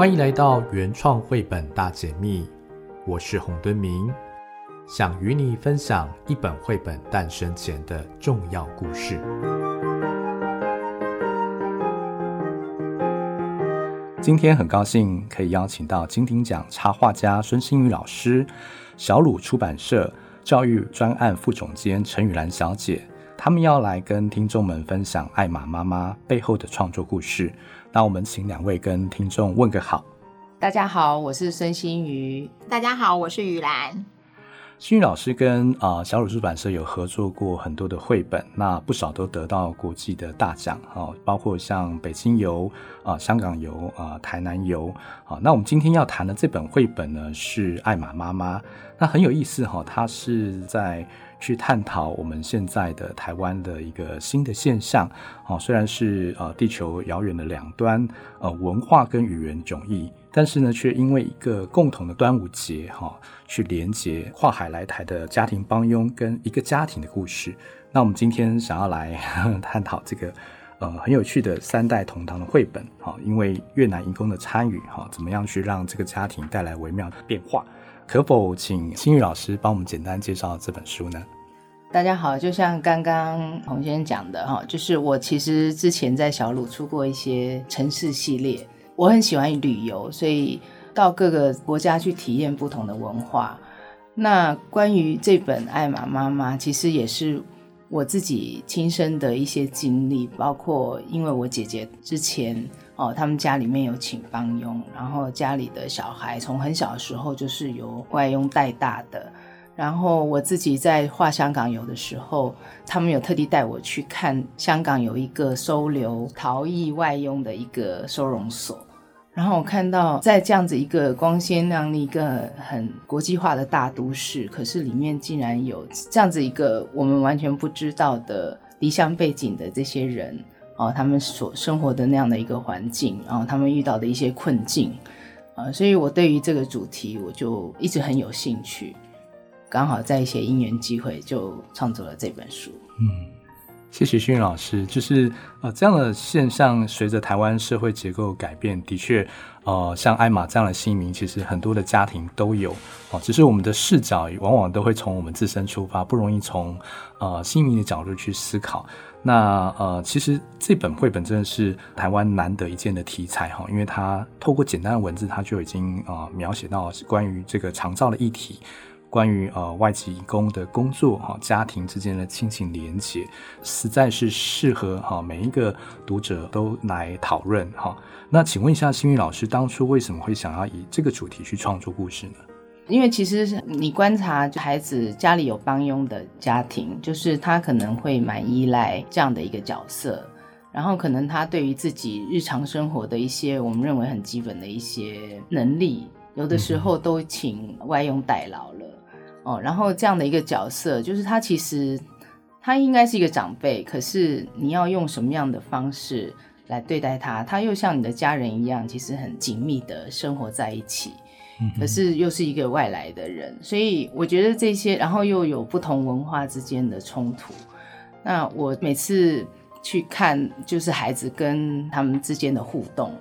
歡迎來到原創繪本大解密，我是洪敦明，想與你分享一本繪本誕生前的重要故事。今天很高興可以邀請到金鼎獎插畫家孫心瑜老師、小魯出版社教育專案副總監陳雨嵐小姐，他們要來跟聽眾們分享《艾瑪媽媽》背後的創作故事。那我們請兩位跟聽眾問個好。大家好，我是孫心瑜。大家好，我是雨嵐。心瑜老師跟啊、呃、小魯出版社有合作過很多的繪本，那不少都得到國際的大獎哈、哦，包括像北京遊啊、呃、香港遊啊、呃、台南遊。好、哦，那我們今天要談的這本繪本呢是《艾瑪媽媽》，那很有意思哈、哦，它是在。去探討我們現在的台灣的一個新的現象，好、哦，雖然是呃地球遙遠的兩端，呃文化跟語言迥異，但是呢，卻因為一個共同的端午節哈、哦，去連接跨海來台的家庭幫傭跟一個家庭的故事。那我們今天想要來呵探討這個呃很有趣的三代同堂的繪本，好、哦，因為越南移工的參與哈、哦，怎麼樣去讓這個家庭帶來微妙的變化？可否請心瑜老師幫我們簡單介紹這本書呢？大家好，就像剛剛洪先生講的哈，就是我其實之前在小魯出過一些城市系列，我很喜歡旅遊，所以到各個國家去體驗不同的文化。那關於這本《艾瑪・媽媽》，其實也是我自己親身的一些經歷，包括因為我姐姐之前哦，他們家裡面有請幫傭，然後家裡的小孩從很小的時候就是由外傭帶大的。然後我自己在畫香港遊的時候，他們有特地帶我去看香港有一個收留逃逸外傭的一個收容所。然後我看到在這樣子一個光鮮亮麗、一個很國際化的大都市，可是裡面竟然有這樣子一個我們完全不知道的離鄉背景的這些人哦，他們所生活的那樣的一個環境，然、哦、他們遇到的一些困境啊、哦，所以我對於這個主題我就一直很有興趣。剛好在一些因緣機會，就創作了這本書。嗯，謝謝心瑜老師。就是啊、呃，這樣的現象隨着台灣社會結構改變，的確，呃，像艾瑪這樣的新民，其實很多的家庭都有。哦、呃，只是我們的視角往往都會從我們自身出發，不容易從呃新民的角度去思考。那呃，其實這本繪本真的是台灣難得一見的題材哈、呃，因為它透過簡單的文字，它就已經、呃、描寫到關於這個長照的議題。關於呃外籍移工的工作哈，家庭之間的親情連接，實在是適合哈每一個讀者都來討論哈。那請問一下心瑜老師，當初為什麼會想要以這個主題去創作故事呢？因為其實你觀察孩子家裡有幫傭的家庭，就是他可能會蠻依賴這樣的一個角色，然後可能他對於自己日常生活的一些我們認為很基本的一些能力，有的時候都請外傭代勞了。哦，然後這樣的一個角色，就是他其實他應該是一個長輩，可是你要用什麼樣的方式來對待他？他又像你的家人一樣，其實很緊密地生活在一起，嗯，可是又是一個外來的人，所以我覺得這些，然後又有不同文化之間的衝突。那我每次去看，就是孩子跟他們之間的互動，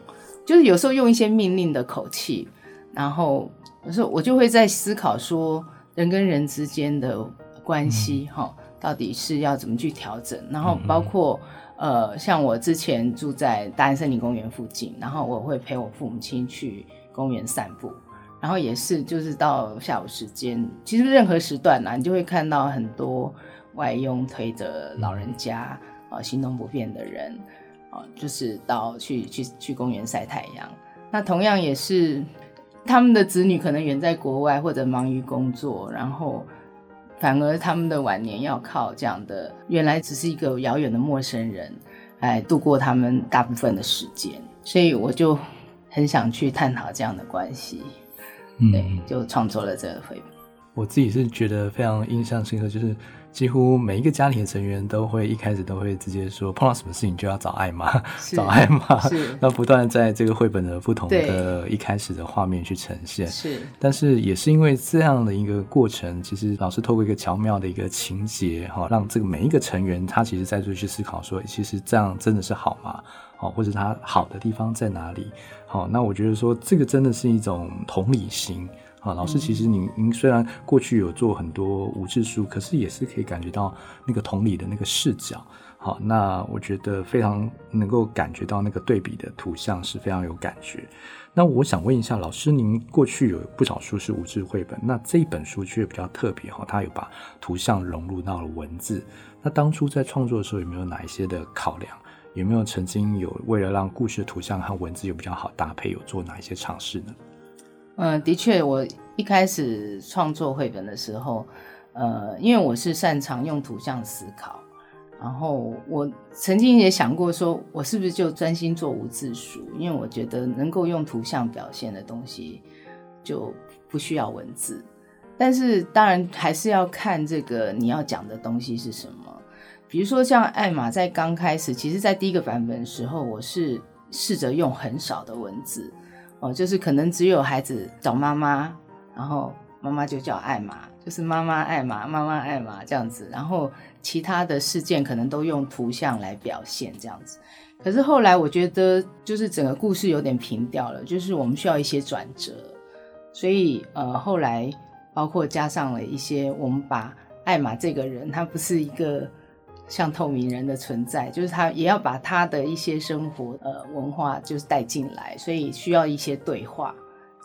就是有時候用一些命令的口氣，然後有時候我就會在思考說，人跟人之間的關係，哈、嗯哦，到底是要怎麼去調整？然後包括、嗯，呃，像我之前住在大安森林公園附近，然後我會陪我父母親去公園散步，然後也是就是到下午時間，其實任何時段啦、啊，你就會看到很多外傭推着老人家啊，行、嗯哦、動不便的人啊、哦，就是到去去去公園曬太陽。那同樣也是。他們的子女可能遠在國外，或者忙於工作，然後反而他們的晚年要靠這樣的原來只是一個遙遠的陌生人，來、哎、度過他們大部分的時間。所以我就很想去探討這樣的關係，嗯，就創作了這個繪本。我自己是覺得非常印象深刻，就是。幾乎每一個家庭的成員都會一開始都會直接說，碰到什麼事情就要找艾瑪，找艾瑪。那不斷在這個繪本的不同的一開始的畫面去呈現。是，但是也是因為這樣的一個過程，其實老師透過一個巧妙的一個情節，哈、哦，讓這個每一個成員他其實在這去思考說，其實這樣真的是好嗎？好、哦，或者他好的地方在哪裡？好、哦，那我覺得說這個真的是一種同理心。好，老師，其實您您雖然過去有做很多無字書，可是也是可以感覺到那個同理的那個視角。好，那我覺得非常能夠感覺到那個對比的圖像是非常有感覺。那我想問一下，老師，您過去有不少書是無字繪本，那這本書卻比較特別哈，它有把圖像融入到了文字。那當初在創作的時候，有沒有哪一些的考量？有沒有曾經有為了讓故事的圖像和文字有比較好搭配，有做哪一些嘗試呢？嗯，的確，我一開始創作繪本的時候，呃，因為我是擅長用圖像思考，然後我曾經也想過，說我是不是就專心做無字書，因為我覺得能夠用圖像表現的東西就不需要文字。但是當然還是要看這個你要講的東西是什麼。比如說像艾瑪在剛開始，其實，在第一個版本的時候，我是試着用很少的文字。哦，就是可能只有孩子找媽媽，然後媽媽就叫艾瑪，就是媽媽艾瑪，媽媽艾瑪這樣子，然後其他的事件可能都用圖像來表現這樣子。可是後來我覺得，就是整個故事有點平掉了，就是我們需要一些轉折，所以呃後來包括加上了一些，我們把艾瑪這個人，她不是一個。像透明人的存在，就是他也要把他的一些生活呃文化就是帶進來，所以需要一些對話，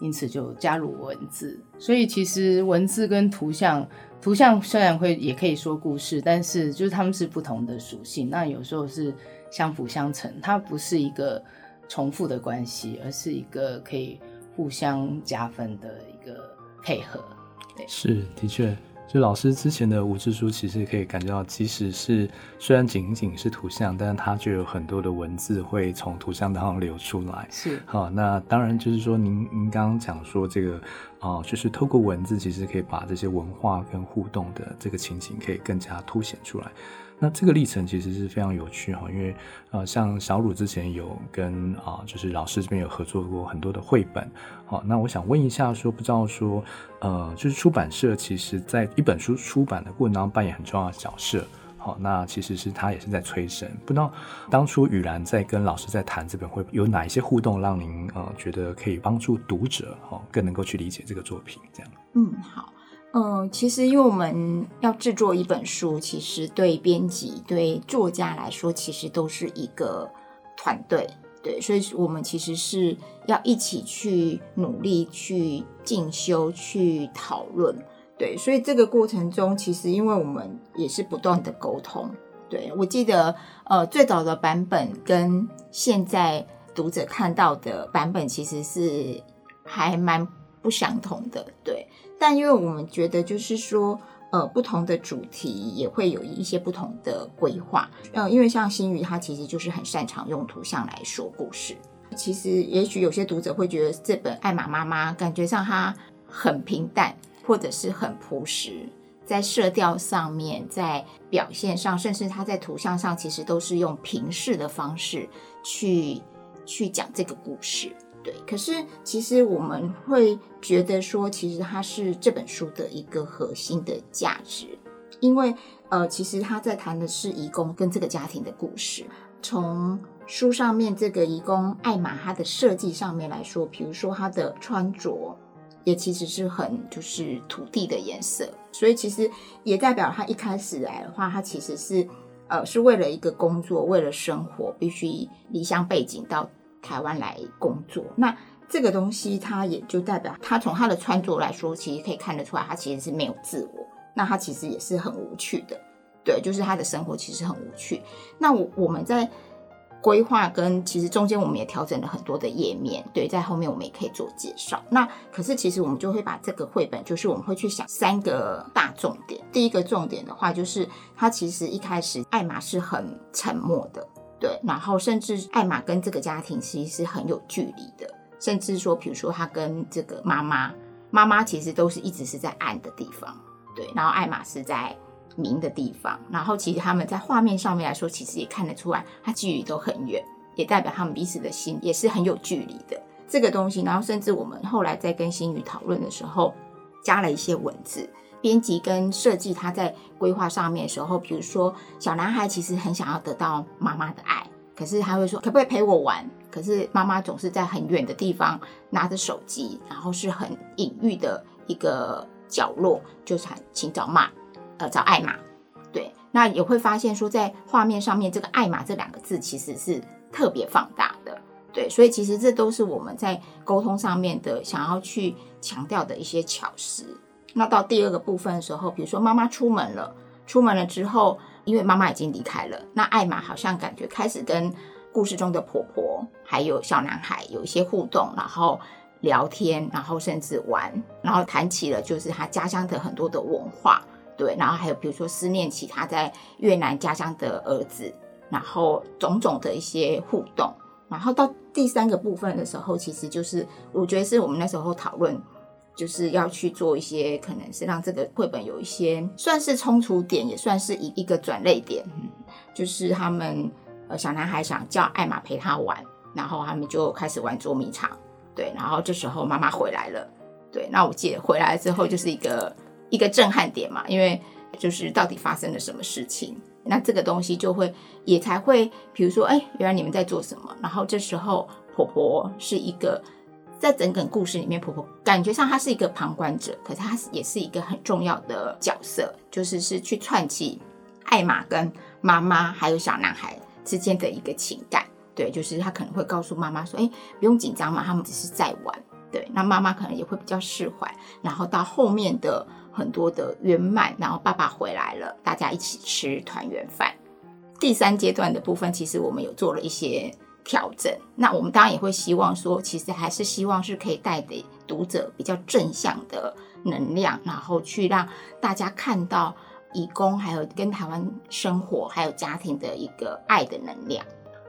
因此就加入文字。所以其實文字跟圖像，圖像雖然會也可以說故事，但是就是它們是不同的屬性。那有時候是相輔相成，它不是一個重複的關係，而是一個可以互相加分的一個配合。對，是的確。就老師之前的無字書，其實可以感覺到，即使是雖然僅僅是圖像，但是它就有很多的文字會從圖像當中流出來。是，好、哦，那當然就是說您，您您剛剛講說這個啊、哦，就是透過文字，其實可以把這些文化跟互動的這個情景可以更加凸顯出來。那這個歷程其實是非常有趣哈，因為呃，像小魯之前有跟啊、呃，就是老師這邊有合作過很多的繪本，好、呃，那我想問一下說，說不知道說呃，就是出版社其實在一本書出版的過程當中扮演很重要的角色，好、呃，那其實是他也是在催生。不知道當初雨嵐在跟老師在談這本繪本有哪一些互動，讓您呃覺得可以幫助讀者、呃、更能夠去理解這個作品這樣。嗯，好。嗯，其實因為我們要制作一本書，其實對編輯、對作家來說，其實都是一個團隊，對，所以我們其實是要一起去努力、去進修、去討論，對，所以這個過程中，其實因為我們也是不斷的溝通，對，我記得，呃，最早的版本跟現在讀者看到的版本，其實是還蠻不相同的，對。但因為我們覺得，就是說，呃，不同的主題也會有一些不同的規劃。嗯、呃，因為像心瑜，他其實就是很擅長用圖像來說故事。其實，也許有些讀者會覺得這本《艾瑪・媽媽》感覺上它很平淡，或者是很樸實。在色調上面，在表現上，甚至它在圖像上，其實都是用平視的方式去去講這個故事。對，可是其實我們會覺得說，其實它是這本書的一個核心的價值，因為呃，其實他在談的是移工跟這個家庭的故事。從書上面這個移工艾瑪她的設計上面來說，比如說他的穿着也其實是很就是土地的顏色，所以其實也代表他一開始來的話，他其實是呃是為了一個工作，為了生活必須離鄉背井到。臺灣來工作，那這個東西它也就代表它從它的穿着來說，其實可以看得出來，它其實是沒有自我。那它其實也是很無趣的，對，就是他的生活其實很無趣。那我我們在規劃跟其實中間，我們也調整了很多的頁面，對，在後面我們也可以做介紹。那可是其實我們就會把這個繪本，就是我們會去想三個大重點。第一個重點的話，就是他其實一開始艾瑪是很沉默的。對，然後甚至艾瑪跟這個家庭其實是很有距離的，甚至說，比如說她跟這個媽媽，媽媽其實都是一直是在暗的地方，對，然後艾瑪是在明的地方，然後其實他們在畫面上面來說，其實也看得出來，她距離都很遠，也代表他們彼此的心也是很有距離的這個東西，然後甚至我們後來在跟心瑜討論的時候，加了一些文字。編輯跟設計，他在規劃上面的時候，比如說小男孩其實很想要得到媽媽的愛，可是他會說可不可以陪我玩？可是媽媽總是在很遠的地方拿着手機，然後是很隱喻的一個角落，就是請找媽，呃，找艾瑪。對，那也會發現說，在畫面上面這個艾瑪這兩個字其實是特別放大的。對，所以其實這都是我們在溝通上面的想要去強調的一些巧思。那到第二個部分的時候，比如說媽媽出門了，出門了之後，因為媽媽已經離開了，那艾瑪好像感覺開始跟故事中的婆婆還有小男孩有一些互動，然後聊天，然後甚至玩，然後談起了就是他家鄉的很多的文化，對，然後還有比如說思念起他在越南家鄉的兒子，然後種種的一些互動，然後到第三個部分的時候，其實就是我覺得是我們那時候討論。就是要去做一些，可能是讓這個繪本有一些算是衝突點，也算是一一個轉捩點、嗯。就是他們呃小男孩想叫艾瑪陪他玩，然後他們就開始玩捉迷藏。對，然後這時候媽媽回來了。對，那我記得回來之後就是一個一個震撼點嘛，因為就是到底發生了什麼事情，那這個東西就會也才會，比如說，哎、欸，原來你們在做什麼？然後這時候婆婆是一個。在整個故事裡面，婆婆感覺上她是一個旁觀者，可是她也是一個很重要的角色，就是是去串起艾瑪跟媽媽還有小男孩之間的一個情感。對，就是她可能會告訴媽媽說：“哎，不用緊張嘛，他們只是在玩。”對，那媽媽可能也會比較釋懷。然後到後面的很多的圓滿，然後爸爸回來了，大家一起吃團圓飯。第三階段的部分，其實我們有做了一些。調整，那我們當然也會希望說，其實還是希望是可以帶給讀者比較正向的能量，然後去讓大家看到移工還有跟台灣生活還有家庭的一個愛的能量。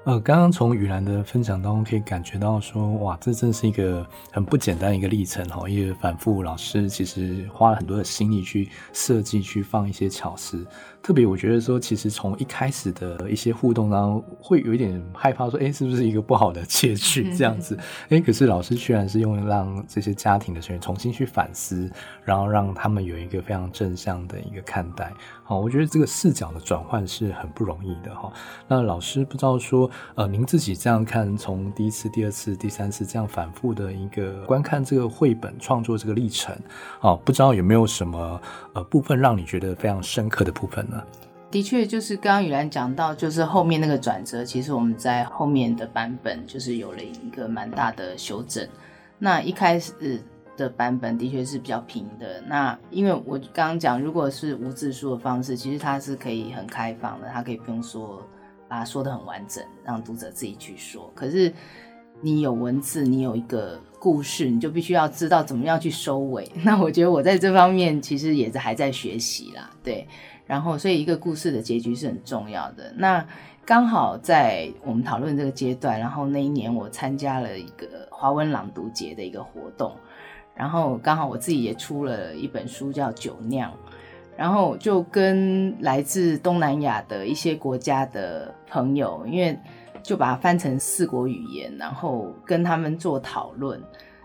呃，剛剛從雨嵐的分享當中可以感覺到說，哇，這真是一個很不簡單一個歷程哈、哦，因為反覆老師其實花了很多的心力去設計、去放一些巧思。特別我覺得說，其實從一開始的一些互動，當中會有一點害怕說，哎，是不是一個不好的結局 這樣子？哎，可是老師居然是用讓這些家庭的成員重新去反思，然後讓他們有一個非常正向的一個看待。好，我覺得這個視角的轉換是很不容易的哈。那老師不知道說，呃，您自己這樣看，從第一次、第二次、第三次這樣反覆的一個觀看這個繪本創作這個歷程，啊，不知道有沒有什麼呃部分讓你覺得非常深刻的部分呢？的確，就是剛剛雨嵐講到，就是後面那個轉折，其實我們在後面的版本就是有了一個蠻大的修整。那一開始，呃的版本的確是比較平的。那因為我剛剛講，如果是無字書的方式，其實它是可以很開放的，它可以不用說，把它說得很完整，讓讀者自己去說。可是你有文字，你有一個故事，你就必須要知道怎麼樣去收尾。那我覺得我在這方面其實也是還在學習啦。對，然後所以一個故事的結局是很重要的。那剛好在我們討論這個階段，然後那一年我參加了一個華文朗讀節的一個活動。然後剛好我自己也出了一本書叫《酒釀》，然後就跟來自東南亞的一些國家的朋友，因為就把它翻成四國語言，然後跟他們做討論，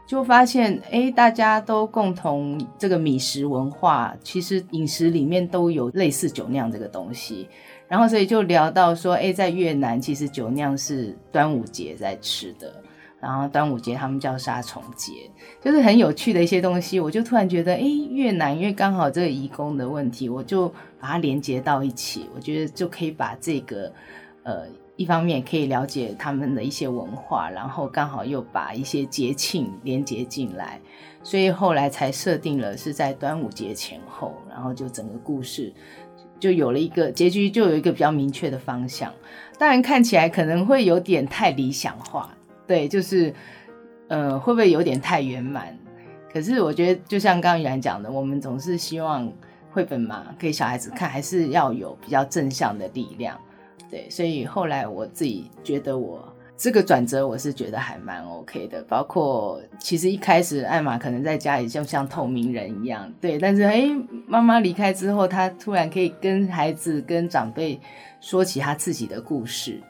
就發現，哎，大家都共同這個米食文化，其實飲食裡面都有類似酒釀這個東西。然後所以就聊到說，哎，在越南其實酒釀是端午節在吃的。然後端午節他們叫殺蟲節，就是很有趣的一些東西。我就突然覺得，誒，越南因為剛好這個移工的問題，我就把它連接到一起。我覺得就可以把這個，呃，一方面可以了解他們的一些文化，然後剛好又把一些節慶連接進來。所以後來才設定了是在端午節前後，然後就整個故事就有了一個結局，就有一個比較明確的方向。當然看起來可能會有點太理想化。對，就是，呃，會不會有點太圓滿？可是我覺得，就像剛剛雨嵐講的，我們總是希望繪本嘛，給小孩子看，還是要有比較正向的力量。對，所以後來我自己覺得我，我這個轉折我是覺得還蠻 OK 的。包括其實一開始艾瑪可能在家裡就像透明人一樣，對，但是誒媽媽離開之後，她突然可以跟孩子、跟長輩說起她自己的故事。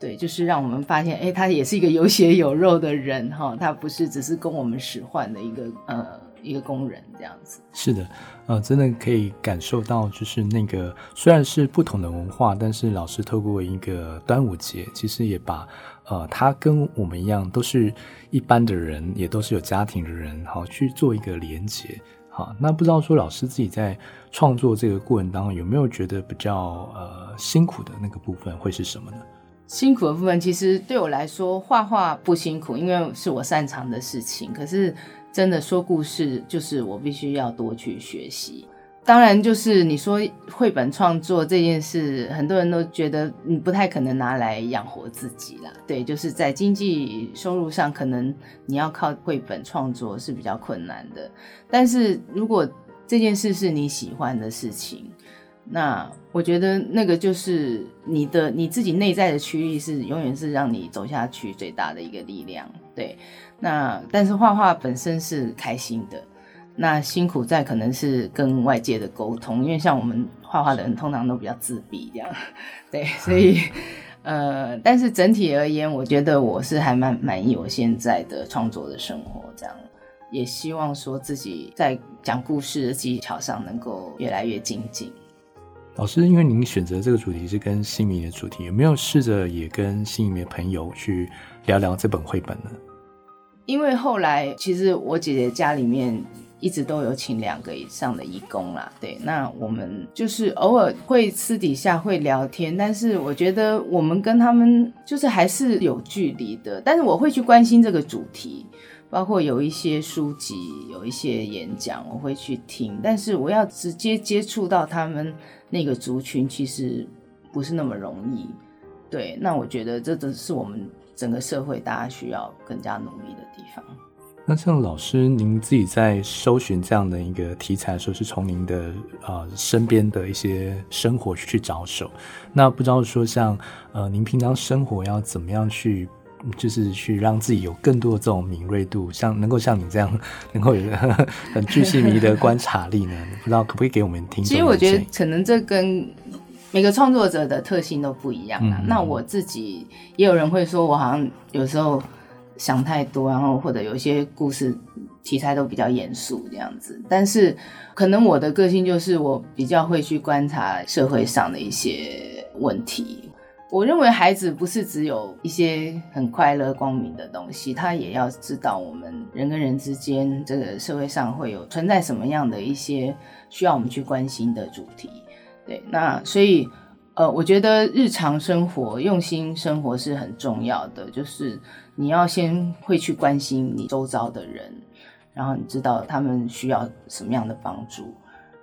對，就是讓我們發現，誒、欸，他也是一個有血有肉的人哈、哦，他不是只是供我們使喚的一個呃一個工人這樣子。是的，呃，真的可以感受到，就是那個雖然是不同的文化，但是老師透過一個端午節，其實也把呃他跟我們一樣，都是一般的人，也都是有家庭的人，好去做一個連結。好，那不知道說老師自己在創作這個過程當中，有沒有覺得比較呃辛苦的那個部分會是什麼呢？辛苦的部分其實對我來說，畫畫不辛苦，因為是我擅長的事情。可是真的說故事，就是我必須要多去學習。當然，就是你說繪本創作這件事，很多人都覺得你不太可能拿來養活自己啦。對，就是在經濟收入上，可能你要靠繪本創作是比較困難的。但是如果這件事是你喜歡的事情。那我覺得那個就是你的你自己內在的驅力是永遠是讓你走下去最大的一個力量。對，那但是畫畫本身是開心的，那辛苦在可能是跟外界的溝通，因為像我們畫畫的人通常都比較自閉這樣，對，所以呃，但是整體而言，我覺得我是還蠻滿意我現在的創作的生活這樣，也希望說自己在講故事的技巧上能夠越來越精進。老師，因為您選擇這個主題是跟新移民的主題，有沒有試着也跟新移民的朋友去聊聊這本繪本呢？因為後來其實我姐姐家裡面一直都有請兩個以上的移工啦，對，那我們就是偶爾會私底下會聊天，但是我覺得我們跟他們就是還是有距離的。但是我會去關心這個主題，包括有一些書籍、有一些演講，我會去聽。但是我要直接接觸到他們。那個族群其實不是那麼容易，對。那我覺得這都是我們整個社會大家需要更加努力的地方。那像老師，您自己在搜尋這樣的一個題材的時候，是從您的啊、呃、身邊的一些生活去着手。那不知道說像呃，您平常生活要怎麼樣去？.就是去讓自己有更多的這種敏銳度，像能夠像你這樣，能夠有呵呵很巨細靡的觀察力呢？ 不知道可不可以給我們聽？其實我覺得可能這跟每個創作者的特性都不一樣啊，嗯嗯。那我自己也有人會說我好像有時候想太多，然後或者有些故事題材都比較嚴肅這樣子。但是可能我的個性就是我比較會去觀察社會上的一些問題。我認為孩子不是只有一些很快樂、光明的東西，他也要知道我們人跟人之間，這個社會上會有存在什麼樣的一些需要我們去關心的主題。對，那所以，呃，我覺得日常生活用心生活是很重要的，就是你要先會去關心你周遭的人，然後你知道他們需要什麼樣的幫助。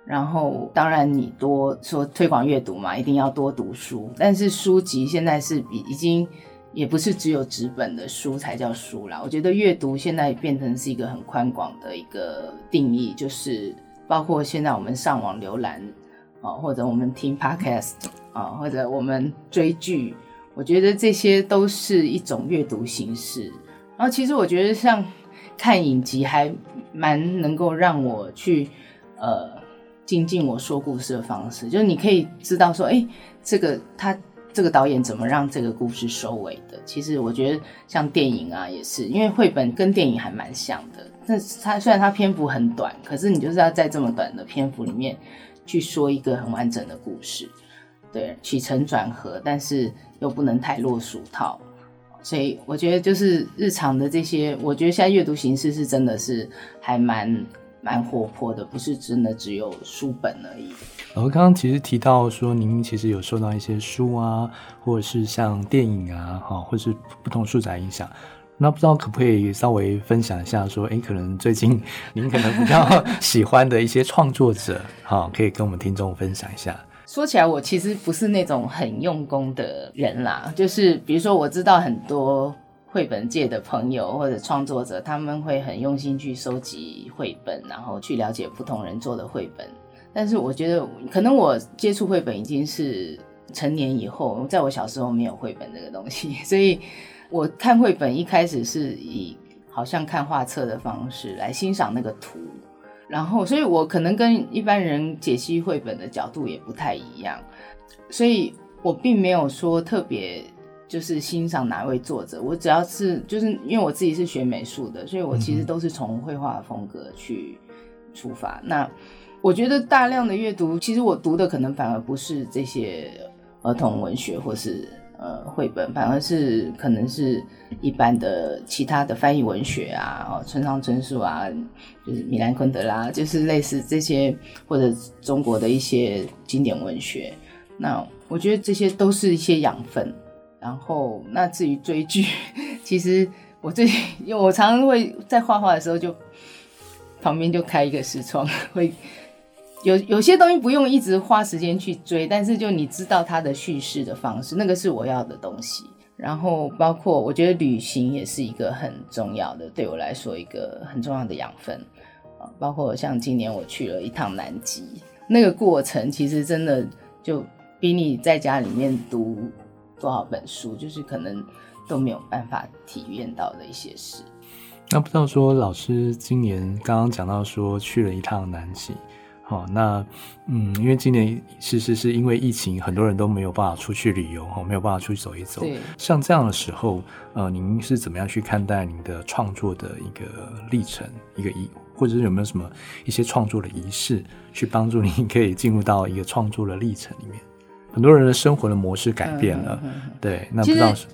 然後，當然，你多說推廣閱讀嘛，一定要多讀書。但是書籍現在是已經，也不是只有紙本的書才叫書啦。我覺得閱讀現在變成是一個很寬廣的一個定義，就是包括現在我們上網瀏覽啊，或者我們聽 podcast 啊，或者我們追劇，我覺得這些都是一種閱讀形式。然後，其實我覺得像看影集還蠻能夠讓我去呃。精進我說故事的方式，就是你可以知道說，哎、欸，這個他這個導演怎麼讓這個故事收尾的？其實我覺得像電影啊，也是因為繪本跟電影還蠻像的。那它雖然它篇幅很短，可是你就是要在這麼短的篇幅裡面去說一個很完整的故事，對，起承轉合，但是又不能太落俗套。所以我覺得就是日常的這些，我覺得現在閱讀形式是真的是還蠻。蠻活潑的，不是真的只有書本而已。然後，哦，剛剛其實提到說，您其實有受到一些書啊，或者是像電影啊，哈、哦，或是不同素材影響。那不知道可不可以稍微分享一下，說，哎，可能最近您可能比較喜歡的一些創作者，哈、 哦，可以跟我們聽眾分享一下。說起來，我其實不是那種很用功的人啦，就是比如說我知道很多。繪本界的朋友或者創作者，他們會很用心去收集繪本，然後去了解不同人做的繪本。但是我覺得，可能我接觸繪本已經是成年以後，在我小時候沒有繪本這個東西，所以我看繪本一開始是以好像看畫冊的方式來欣賞那個圖，然後，所以我可能跟一般人解析繪本的角度也不太一樣，所以我並沒有說特別。就是欣賞哪位作者，我只要是就是因為我自己是學美術的，所以我其實都是從繪畫風格去出發。嗯、那我覺得大量的閱讀，其實我讀的可能反而不是這些兒童文學或是呃繪本，反而是可能是一般的其他的翻譯文學啊，哦、村上春樹啊，就是米蘭昆德拉，就是類似這些或者中國的一些經典文學。那我覺得這些都是一些養分。然後，那至於追劇，其實我最近，因為我常常會在畫畫的時候就旁邊就開一個視窗，會有有些東西不用一直花時間去追，但是就你知道它的敘事的方式，那個是我要的東西。然後，包括我覺得旅行也是一個很重要的，對我來說一個很重要的養分。包括像今年我去了一趟南極，那個過程其實真的就比你在家裡面讀。多少本書，就是可能都沒有辦法體驗到的一些事。那不知道說，老師今年剛剛講到說去了一趟南極。好、哦，那嗯，因為今年其實是，是因為疫情，很多人都沒有辦法出去旅遊、哦，沒有辦法出去走一走。對。像這樣的時候，呃，您是怎麼樣去看待您的創作的一個歷程，一個儀，或者是有沒有什麼一些創作的儀式，去幫助您可以進入到一個創作的歷程裡面？很多人的生活的模式改變了、嗯嗯嗯嗯，對，那不知道是。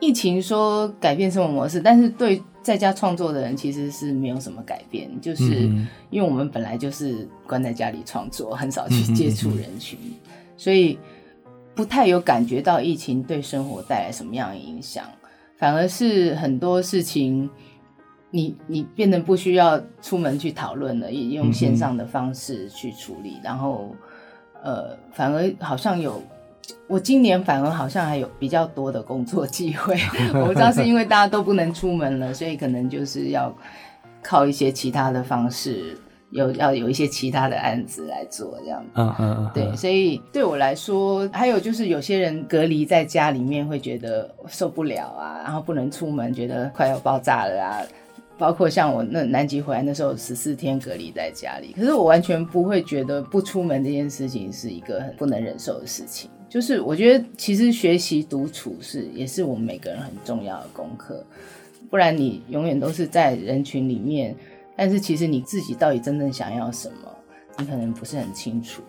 疫情說改變生活模式，但是對在家創作的人其實是沒有什麼改變，就是因為我們本來就是關在家裡創作、嗯，很少去接觸人群、嗯嗯嗯嗯，所以不太有感覺到疫情對生活帶來什麼樣的影響。反而是很多事情你，你你變得不需要出門去討論了，也用線上的方式去處理，嗯嗯、然後。呃，反而好像有，我今年反而好像還有比較多的工作機會。 我不知道是因為大家都不能出門了，所以可能就是要靠一些其他的方式，有要有一些其他的案子來做這樣子。嗯嗯嗯。對，所以對我來說，還有就是有些人隔離在家裡面會覺得受不了啊，然後不能出門，覺得快要爆炸了啊。包括像我那南極回來那時候十四天隔離在家裡，可是我完全不會覺得不出門這件事情是一個很不能忍受的事情。就是我覺得其實學習獨處是也是我們每個人很重要的功課，不然你永遠都是在人群裡面，但是其實你自己到底真正想要什麼，你可能不是很清楚。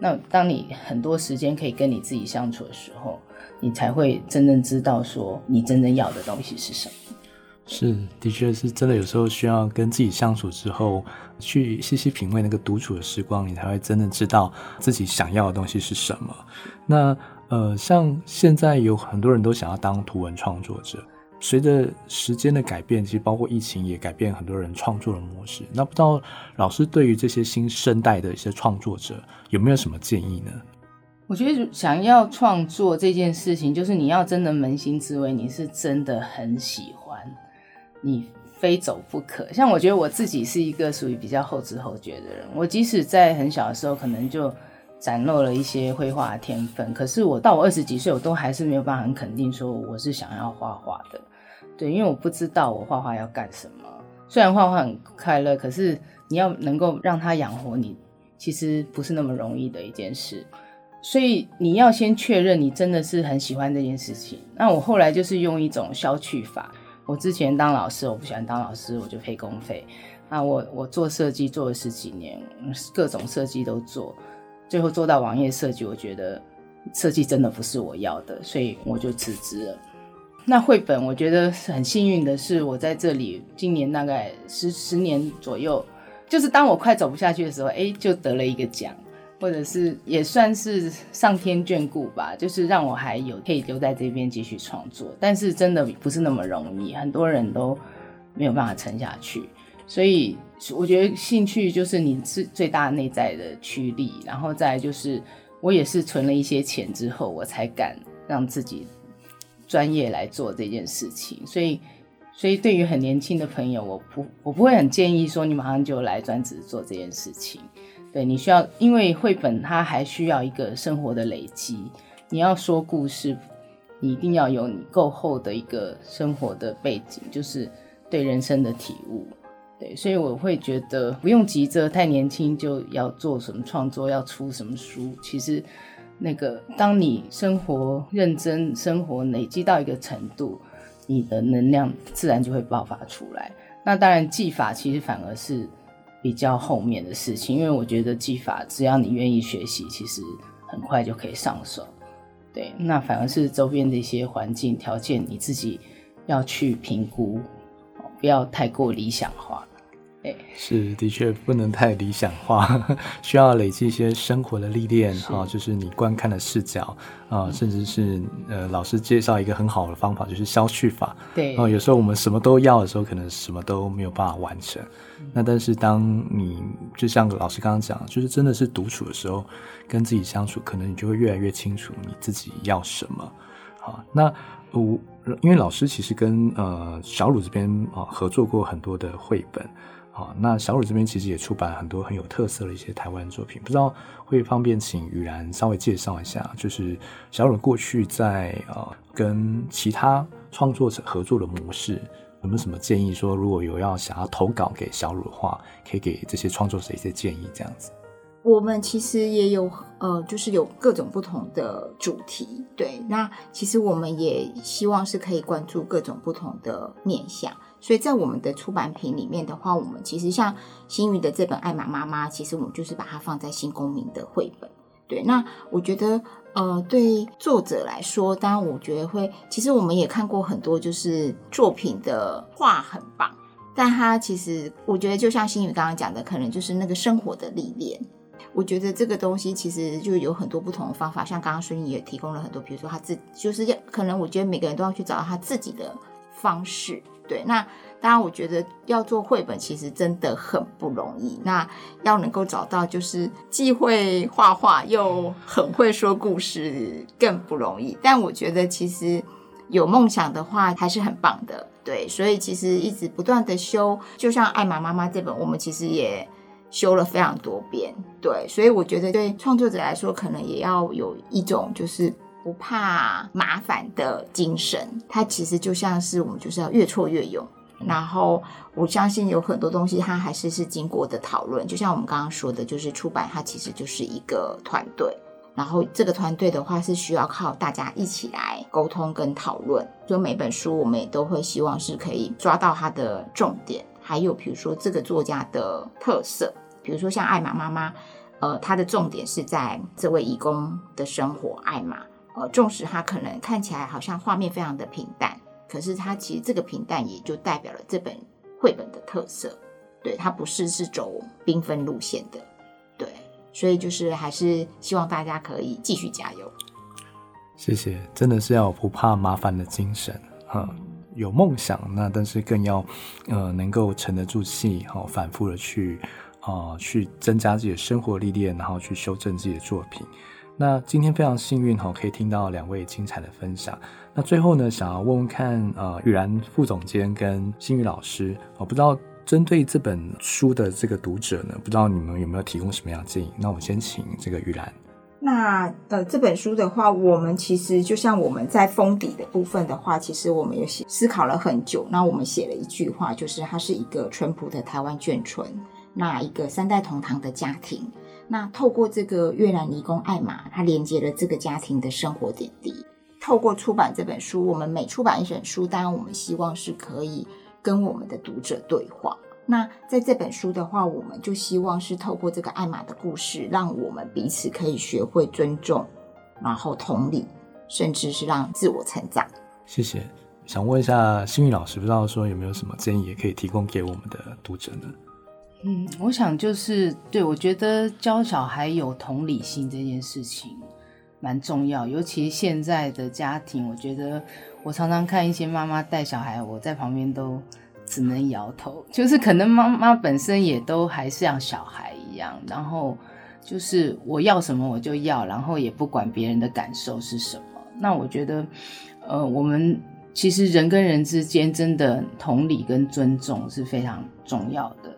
那當你很多時間可以跟你自己相處的時候，你才會真正知道說你真正要的東西是什麼。是，的確，是真的。有時候需要跟自己相處之後，去細細品味那個獨處的時光，你才會真的知道自己想要的東西是什麼。那，呃，像現在有很多人都想要當圖文創作者，隨着時間的改變，其實包括疫情也改變很多人創作的模式。那不知道老師對於這些新生代的一些創作者有沒有什麼建議呢？我覺得想要創作這件事情，就是你要真的捫心自問，你是真的很喜歡，你非走不可。像我覺得我自己是一個屬於比較後知後覺的人，我即使在很小的時候可能就展露了一些繪畫的天分，可是我到我二十幾歲，我都還是沒有辦法很肯定說我是想要畫畫的。對，因為我不知道我畫畫要幹什麼。雖然畫畫很快樂，可是你要能夠讓它養活你，其實不是那麼容易的一件事。所以你要先確認你真的是很喜歡這件事情。那我後來就是用一種消去法。我之前當老師，我不喜歡當老師，我就賠公費。啊，我我做設計做了十幾年，各種設計都做，最後做到網頁設計，我覺得設計真的不是我要的，所以我就辭職了。那繪本，我覺得很幸運的是，我在這裡今年大概十十年左右，就是當我快走不下去的時候，誒、欸，就得了一個獎。或者是也算是上天眷顧吧，就是讓我還有可以留在這邊繼續創作，但是真的不是那麼容易，很多人都沒有辦法撐下去。所以我覺得興趣就是你是最大內在的驅力，然後再就是我也是存了一些錢之後，我才敢讓自己專業來做這件事情。所以，所以對於很年輕的朋友，我不，我不會很建議說你馬上就來專職做這件事情。對，你需要，因為繪本它還需要一個生活的累積。你要說故事，你一定要有你夠厚的一個生活的背景，就是對人生的體悟。對，所以我會覺得不用急着太年輕就要做什麼創作，要出什麼書。其實，那個當你生活認真，生活累積到一個程度，你的能量自然就會爆發出來。那當然，技法其實反而是。比較後面的事情，因為我覺得技法，只要你願意學習，其實很快就可以上手。對，那反而是周邊的一些環境條件，你自己要去評估，不要太過理想化。是，的確不能太理想化，需要累積一些生活的歷練、哦、就是你觀看的視角啊、呃嗯，甚至是呃，老師介紹一個很好的方法，就是消去法。對、哦，有時候我們什麼都要的時候，可能什麼都沒有辦法完成。嗯、那但是當你就像老師剛剛講，就是真的是獨處的時候，跟自己相處，可能你就會越來越清楚你自己要什麼。好，那我因為老師其實跟呃小魯這邊啊、哦、合作過很多的繪本。好，那小魯這邊其實也出版很多很有特色的一些台灣作品，不知道會方便請雨嵐稍微介紹一下，就是小魯過去在、呃、跟其他創作者合作的模式有沒有什麼建議說，說如果有要想要投稿給小魯的話，可以給這些創作者一些建議這樣子。我們其實也有呃，就是有各種不同的主題，對，那其實我們也希望是可以關注各種不同的面向。所以在我們的出版品裡面的話，我們其實像心瑜的這本《艾瑪・媽媽》，其實我們就是把它放在新公民的繪本。對，那我覺得，呃，對作者來說，當然我覺得會，其實我們也看過很多，就是作品的畫很棒，但它其實我覺得，就像心瑜剛剛講的，可能就是那個生活的歷練。我覺得這個東西其實就有很多不同的方法，像剛剛心瑜也提供了很多，比如說他自就是要，可能我覺得每個人都要去找到他自己的方式。對，那當然，我覺得要做繪本其實真的很不容易。那要能夠找到就是既會畫畫又很會說故事，更不容易。但我覺得其實有夢想的話還是很棒的。對，所以其實一直不斷的修，就像《艾瑪・媽媽》這本，我們其實也修了非常多遍。對，所以我覺得對創作者來說，可能也要有一種就是，不怕麻煩的精神，它其實就像是我們就是要越挫越勇。然後我相信有很多東西它還是是經過的討論，就像我們剛剛說的，就是出版它其實就是一個團隊。然後這個團隊的話是需要靠大家一起來溝通跟討論。所以每本書我們也都會希望是可以抓到它的重點，還有比如說這個作家的特色，比如說像艾瑪媽媽，呃，它的重點是在這位移工的生活，艾瑪。呃，重視他可能看起來好像畫面非常的平淡，可是他其實這個平淡也就代表了這本繪本的特色，對，他不是是走繽紛路線的，對，所以就是還是希望大家可以繼續加油。謝謝，真的是要有不怕麻煩的精神，哈、嗯，有夢想，那但是更要，呃，能夠沉得住氣，好、哦，反復的去，啊、呃，去增加自己的生活歷練，然後去修正自己的作品。那今天非常幸運哈，可以聽到兩位精彩的分享。那最後呢，想要問問看，呃，雨嵐副總監跟心瑜老師，我不知道針對這本書的這個讀者呢，不知道你們有沒有提供什麼樣的建議？那我先請這個雨嵐。那呃，這本書的話，我們其實就像我們在封底的部分的話，其實我們有寫思考了很久。那我們寫了一句話，就是它是一個淳樸的台灣眷村，那一個三代同堂的家庭。那透過這個越南移工艾瑪，它連接了這個家庭的生活點滴。透過出版這本書，我們每出版一本書，當然我們希望是可以跟我們的讀者對話。那在這本書的話，我們就希望是透過這個艾瑪的故事，讓我們彼此可以學會尊重，然後同理，甚至是讓自我成長。謝謝。想問一下心瑜老師，不知道說有沒有什麼建議也可以提供給我們的讀者呢？嗯，我想就是對我覺得教小孩有同理心這件事情蠻重要，尤其現在的家庭，我覺得我常常看一些媽媽帶小孩，我在旁邊都只能搖頭，就是可能媽媽本身也都還是像小孩一樣，然後就是我要什麼我就要，然後也不管別人的感受是什麼。那我覺得，呃，我們其實人跟人之間真的同理跟尊重是非常重要的。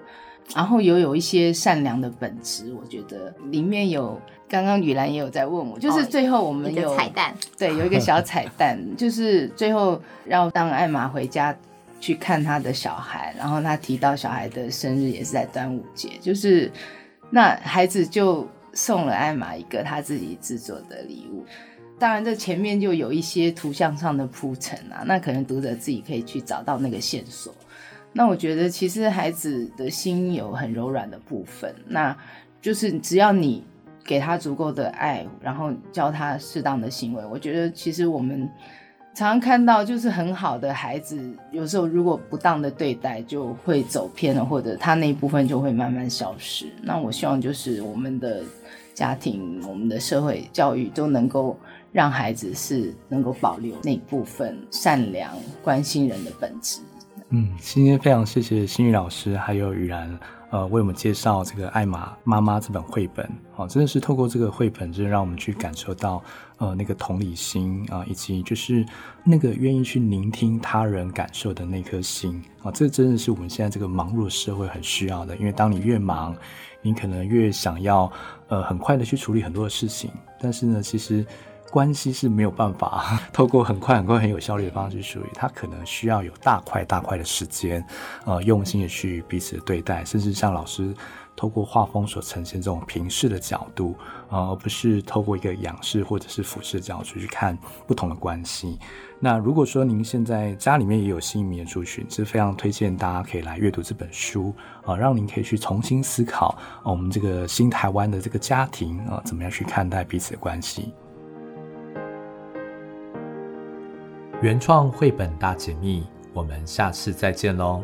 然後又有，有一些善良的本質。我覺得裡面有剛剛雨嵐，也有在問我，就是最後我們有彩蛋，對，有一個小彩蛋，就是最後讓當艾瑪回家去看他的小孩，然後他提到小孩的生日也是在端午節，就是那孩子就送了艾瑪一個他自己製作的禮物。當然這前面就有一些圖像上的鋪陳啊，那可能讀者自己可以去找到那個線索。那我覺得，其實孩子的心有很柔軟的部分，那就是只要你給他足夠的愛，然後教他適當的行為。我覺得，其實我們常常看到，就是很好的孩子，有時候如果不當的對待，就會走偏了，或者他那一部分就會慢慢消失。那我希望，就是我們的家庭、我們的社會教育，都能夠讓孩子是能夠保留那一部分善良、關心人的本質。嗯，今天非常謝謝心瑜老師，還有雨嵐，呃，為我們介紹這個《艾瑪媽媽》這本繪本，哦，真的是透過這個繪本，真的讓我們去感受到，呃，那個同理心啊，呃，以及就是那個願意去聆聽他人感受的那顆心啊，哦，這真的是我們現在這個忙碌的社會很需要的，因為當你越忙，你可能越想要，呃，很快的去處理很多的事情，但是呢，其實。關係是沒有辦法透過很快很快很有效率的方式去處理，它可能需要有大塊大塊的時間，呃，用心的去彼此的對待，甚至像老師透過畫風所呈現這種平視的角度，呃，而不是透過一個仰視或者是俯視的角度去看不同的關係。那如果說您現在家裡面也有新移民的族群，其實非常推薦大家可以來閱讀這本書，啊、呃，讓您可以去重新思考、呃、我們這個新台灣的這個家庭啊、呃，怎麼樣去看待彼此的關係。原創繪本大解密，我們下次再見嘍。